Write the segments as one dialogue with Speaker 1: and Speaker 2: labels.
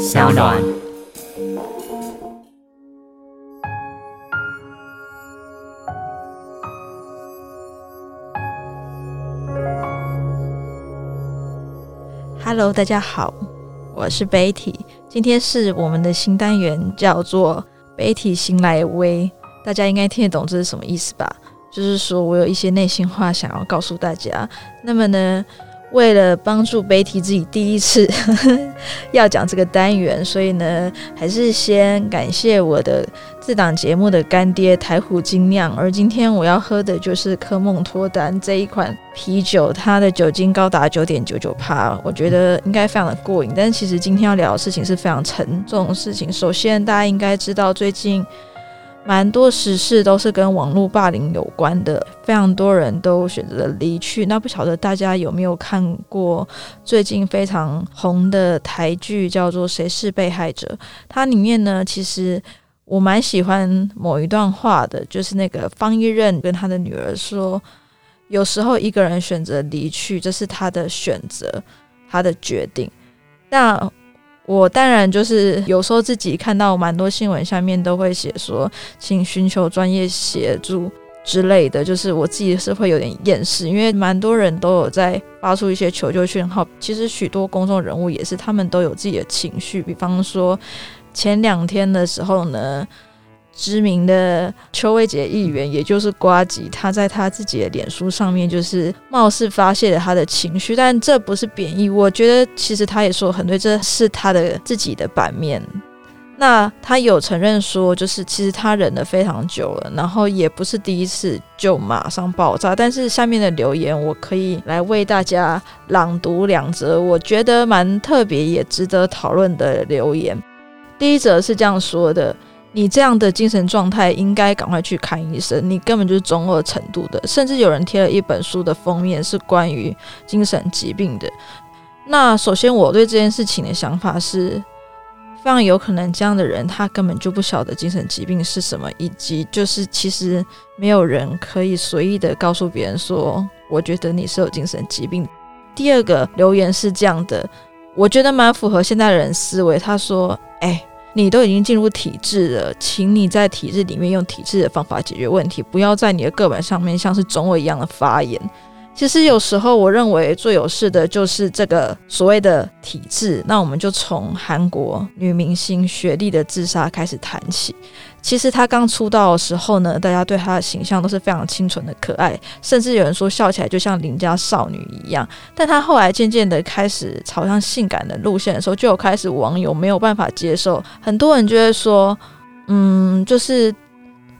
Speaker 1: Sound On。Hello，大家好，我是 Betty，今天是我們的新單元，叫做 Betty 心內 ㄟ。大家應該聽得懂這是什麼意思吧？就是說我有一些內心話想要告訴大家，那麼呢？為了幫助 Betty 自己第一次 要講這個單元，所以呢，還是先感謝我的這檔節目的乾爹台虎精釀。而今天我要喝的就是科夢脫單這一款啤酒，它的酒精高達九點九九趴，我覺得應該非常的過癮。但是其實今天要聊的事情是非常沉重的事情。首先，大家應該知道最近蠻多時事都是跟網絡霸凌有關的，非常多人都選擇離去。那不曉得大家有沒有看過最近非常紅的台劇，叫做《誰是被害者》？它裡面呢，其實我蠻喜歡某一段話的，就是那個方毅任跟他的女兒說：“有時候一個人選擇離去，這是他的選擇，他的決定。”那我當然就是有時候自己看到蠻多新聞，下面都會寫說請尋求專業協助之類的，就是我自己是會有點厭世，因為蠻多人都有在發出一些求救訊號。其實許多公眾人物也是，他們都有自己的情緒。比方說，前兩天的時候呢。知名的邱威杰議員，也就是呱吉，他在他自己的臉書上面，就是貌似發洩了他的情緒，但這不是貶義。我覺得其實他也說得很對，這是他的自己的版面。那他有承認說，就是其實他忍了非常久了，然後也不是第一次就馬上爆炸。但是下面的留言，我可以來為大家朗讀兩則，我覺得蠻特別也值得討論的留言。第一則是這樣說的。你這樣的精神狀態應該趕快去看醫生，你根本就是中二程度的。甚至有人貼了一本書的封面是關於精神疾病的。那首先，我對這件事情的想法是，非常有可能這樣的人他根本就不曉得精神疾病是什麼，以及就是其實沒有人可以隨意的告訴別人說，我覺得你是有精神疾病。第二個留言是這樣的，我覺得蠻符合現代人思維，他說：“哎、欸。”你都已經進入體制了，請你在體制裡面用體制的方法解決問題，不要在你的個版上面像是中二一樣的發言。其實有時候，我認為最有事的就是這個所謂的體制。那我們就從韓國女明星雪莉的自殺開始談起。其實她剛出道的時候呢，大家對她的形象都是非常清純的、可愛，甚至有人說笑起來就像鄰家少女一樣。但她後來漸漸的開始朝向性感的路線的時候，就有開始網友沒有辦法接受，很多人就會說：“嗯，就是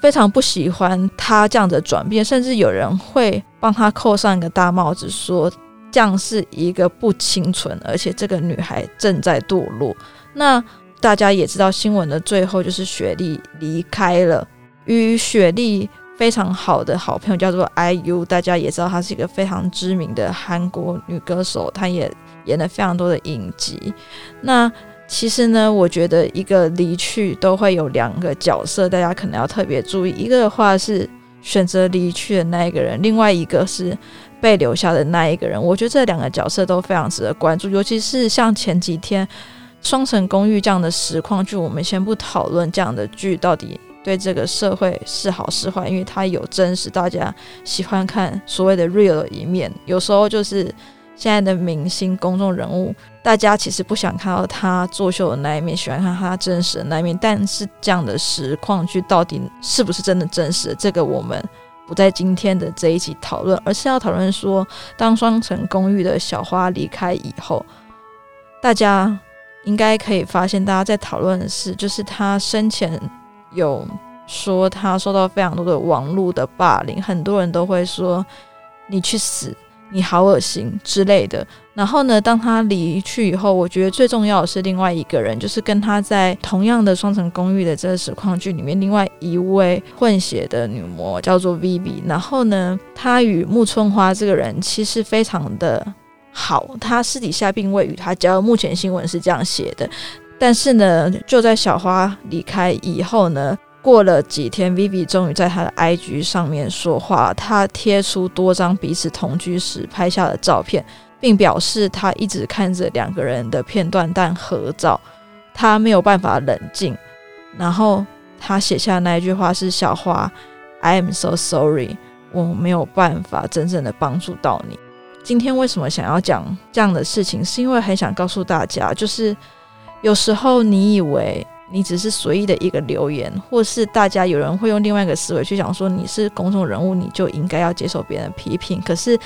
Speaker 1: 非常不喜歡她這樣的轉變。”甚至有人會。幫他扣上一個大帽子說，說這是一個不清純，而且這個女孩正在墮落。那大家也知道，新聞的最後就是雪莉離開了。與雪莉非常好的好朋友叫做 IU，大家也知道她是一個非常知名的韓國女歌手，她也演了非常多的影集。那其實呢，我覺得一個離去都會有兩個角色，大家可能要特別注意。一個的話是。選擇離去的那一個人，另外一個是被留下的那一個人。我覺得這兩個角色都非常值得關注，尤其是像前幾天《雙層公寓》這樣的實況劇，我們先不討論這樣的劇到底對這個社會是好是壞，因為它有真實，大家喜歡看所謂的 real 的一面，有時候就是。現在的明星公眾人物，大家其實不想看到他作秀的那一面，喜歡看他真實的那一面。但是這樣的實況劇到底是不是真的真實？這個我們不在今天的這一集討論，而是要討論說，當雙層公寓的小花離開以後，大家應該可以發現，大家在討論的是，就是他生前有說他受到非常多的網絡的霸凌，很多人都會說你去死。你好惡心之類的。然後呢，當他離去以後，我覺得最重要的是另外一個人，就是跟他在同樣的雙層公寓的這個實況劇裡面，另外一位混血的女模叫做 Vivi。然後呢，她與木村花這個人其實非常的好，她私底下並未與他交。目前新聞是這樣寫的，但是呢，就在小花離開以後呢。過了幾天 Vivi 終於在他的 IG 上面說話。他貼出多張彼此同居時拍下的照片，並表示他一直看着兩個人的片段，但合照他沒有辦法冷靜。然後他寫下那一句話是小花：“小花，I am so sorry，我沒有辦法真正的幫助到你。”今天為什麼想要講這樣的事情？是因為很想告訴大家，就是有時候你以為。你只是隨意的一個留言，或是大家有人會用另外一個思維去講說你是公眾人物，你就應該要接受別人的批評。可是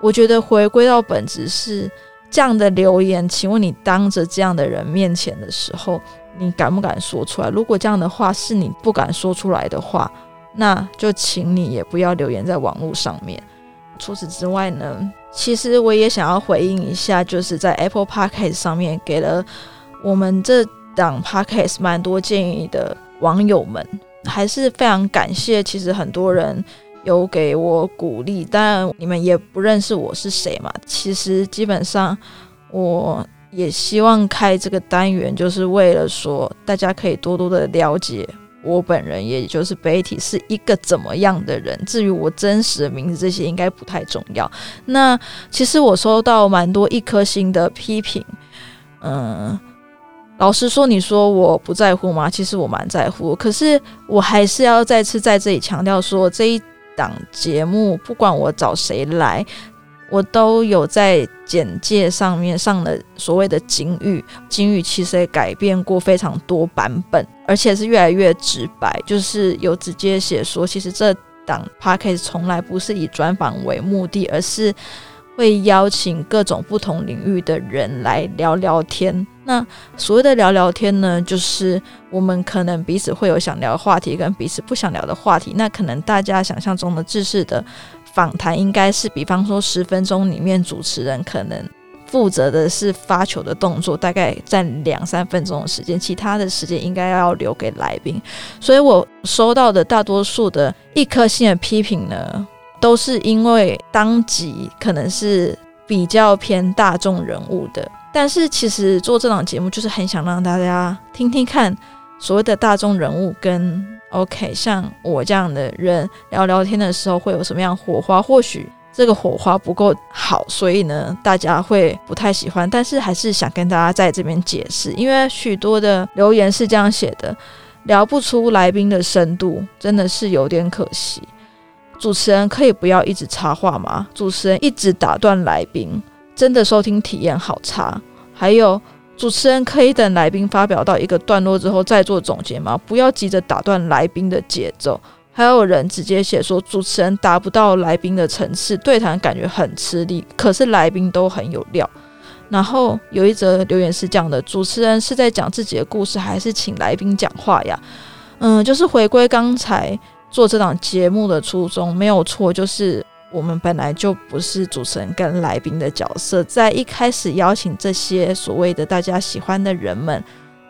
Speaker 1: 我覺得回歸到本質是這樣的留言，請問你當着這樣的人面前的時候，你敢不敢說出來？如果這樣的話是你不敢說出來的話，那就請你也不要留言在網絡上面。除此之外呢，其實我也想要回應一下，就是在 Apple Podcast 上面給了我們這。當 Podcast 蠻多建議的網友們，還是非常感謝。其實很多人有給我鼓勵，當然你們也不認識我是誰嘛。其實基本上，我也希望開這個單元，就是為了說大家可以多多的了解我本人，也就是 Betty 是一個怎麼樣的人。至於我真實的名字，這些應該不太重要。那其實我收到蠻多一顆星的批評，嗯。老實說，你說我不在乎嗎？其實我蠻在乎。可是我還是要再次在這裡強調說，這一檔節目，不管我找誰來，我都有在簡介上面上了所謂的金玉。金玉其實也改變過非常多版本，而且是越來越直白，就是有直接寫說，其實這檔 podcast 從來不是以專訪為目的，而是會邀請各種不同領域的人來聊聊天。那所謂的聊聊天呢，就是我們可能彼此會有想聊的話題，跟彼此不想聊的話題。那可能大家想象中的制式的訪談，應該是比方說十分鐘裡面，主持人可能負責的是發球的動作，大概占兩三分鐘的時間，其他的時間應該要留給來賓。所以我收到的大多數的一顆星的批評呢，都是因為當集可能是比較偏大眾人物的。但是其實做這檔節目就是很想讓大家聽聽看，所謂的大眾人物跟 OK，像我這樣的人聊聊天的時候會有什麼樣火花。或許這個火花不夠好，所以呢，大家會不太喜歡。但是還是想跟大家在這邊解釋，因為許多的留言是這樣寫的，聊不出來賓的深度真的是有點可惜。主持人可以不要一直插話嗎？主持人一直打斷來賓。真的收聽體驗好差，還有主持人可以等來賓發表到一個段落之後再做總結嗎？不要急着打斷來賓的節奏。還有人直接寫說主持人達不到來賓的層次，對談感覺很吃力，可是來賓都很有料。然後有一則留言是這樣的：主持人是在講自己的故事，還是請來賓講話呀？嗯，就是回歸剛才做這檔節目的初衷，沒有錯，就是。我們本來就不是主持人跟來賓的角色，在一開始邀請這些所謂的大家喜歡的人們。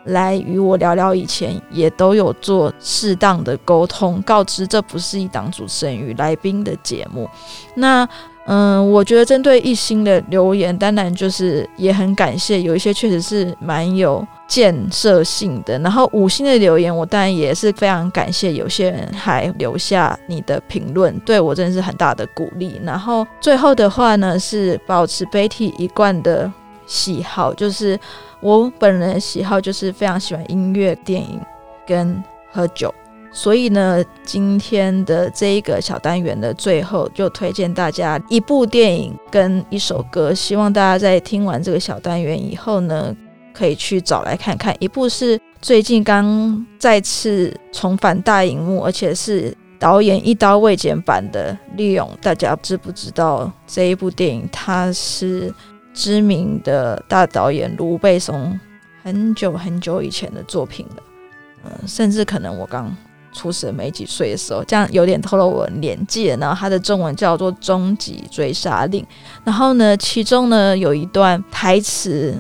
Speaker 1: 來與我聊聊，以前也都有做適當的溝通，告知這不是一檔主持人與來賓的節目。那嗯，我覺得針對一星的留言，當然就是也很感謝，有一些確實是蠻有建設性的。然後五星的留言，我當然也是非常感謝，有些人還留下你的評論，對我真的是很大的鼓勵。然後最後的話呢，是保持 Betty 一貫的。喜好就是我本人喜好，就是非常喜歡音樂、電影跟喝酒。所以呢，今天的這一個小單元的最後，就推薦大家一部電影跟一首歌。希望大家在聽完這個小單元以後呢，可以去找來看看。一部是最近剛再次重返大熒幕，而且是導演一刀未剪版的《利用》。大家知不知道這一部電影？它是。知名的大導演盧貝松很久很久以前的作品了，嗯，甚至可能我剛出生沒幾歲的時候，這樣有點透露我年紀了。然後他的中文叫做《終極追殺令》，然後呢，其中呢有一段台詞。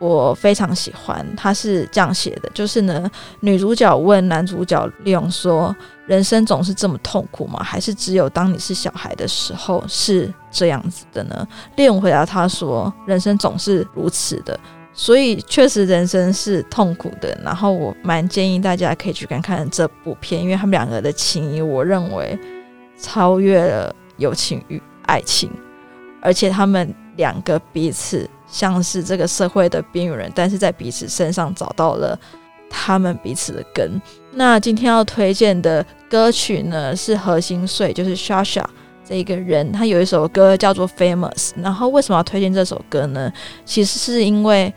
Speaker 1: 我非常喜歡，他是這樣寫的，就是呢，女主角問男主角里昂說：“人生總是這麼痛苦嗎？還是只有當你是小孩的時候是這樣子的呢？”里昂回答他說：“人生總是如此的，所以確實人生是痛苦的。”然後我蠻建議大家可以去看看這部片，因為他們兩個的情誼，我認為超越了友情與愛情，而且他們兩個彼此。像是這個社會的邊緣人，但是在彼此身上找到了他們彼此的根。那今天要推薦的歌曲呢，是何欣穗，就是 Sasha 這一個人，他有一首歌叫做 Famous。然後為什麼要推薦這首歌呢？其實是因為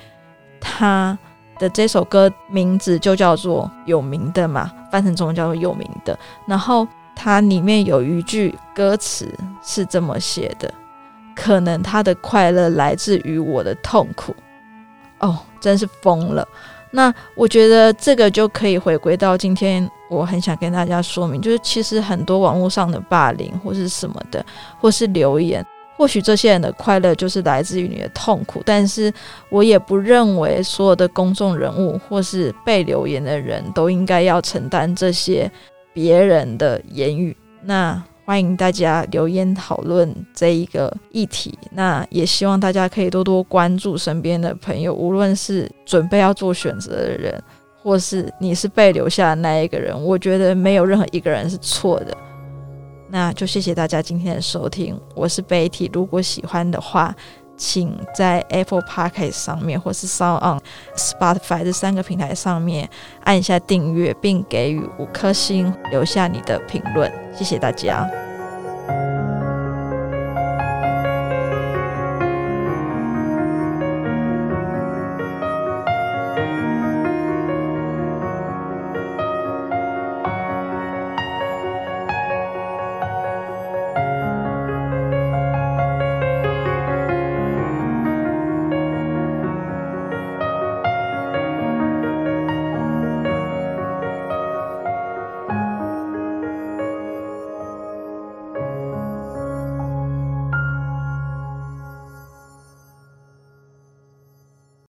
Speaker 1: 他的這首歌名字就叫做有名的嘛，翻成中文叫做有名的。然後它裡面有一句歌詞是這麼寫的。可能他的快樂來自於我的痛苦，哦，真是瘋了。那我覺得這個就可以回歸到今天，我很想跟大家說明，就是其實很多網絡上的霸凌或是什麼的，或是留言，或許這些人的快樂就是來自於你的痛苦，但是我也不認為所有的公眾人物或是被留言的人都應該要承擔這些別人的言語。那。歡迎大家留言討論這一個議題，那也希望大家可以多多關注身邊的朋友，無論是準備要做選擇的人，或是你是被留下的那一個人，我覺得沒有任何一個人是錯的。那就謝謝大家今天的收聽，我是 Betty，如果喜歡的話。請在 Apple Podcast 上面，或是 Sound on Spotify 這三個平台上面按一下訂閱，並給予五顆星，留下你的評論。謝謝大家。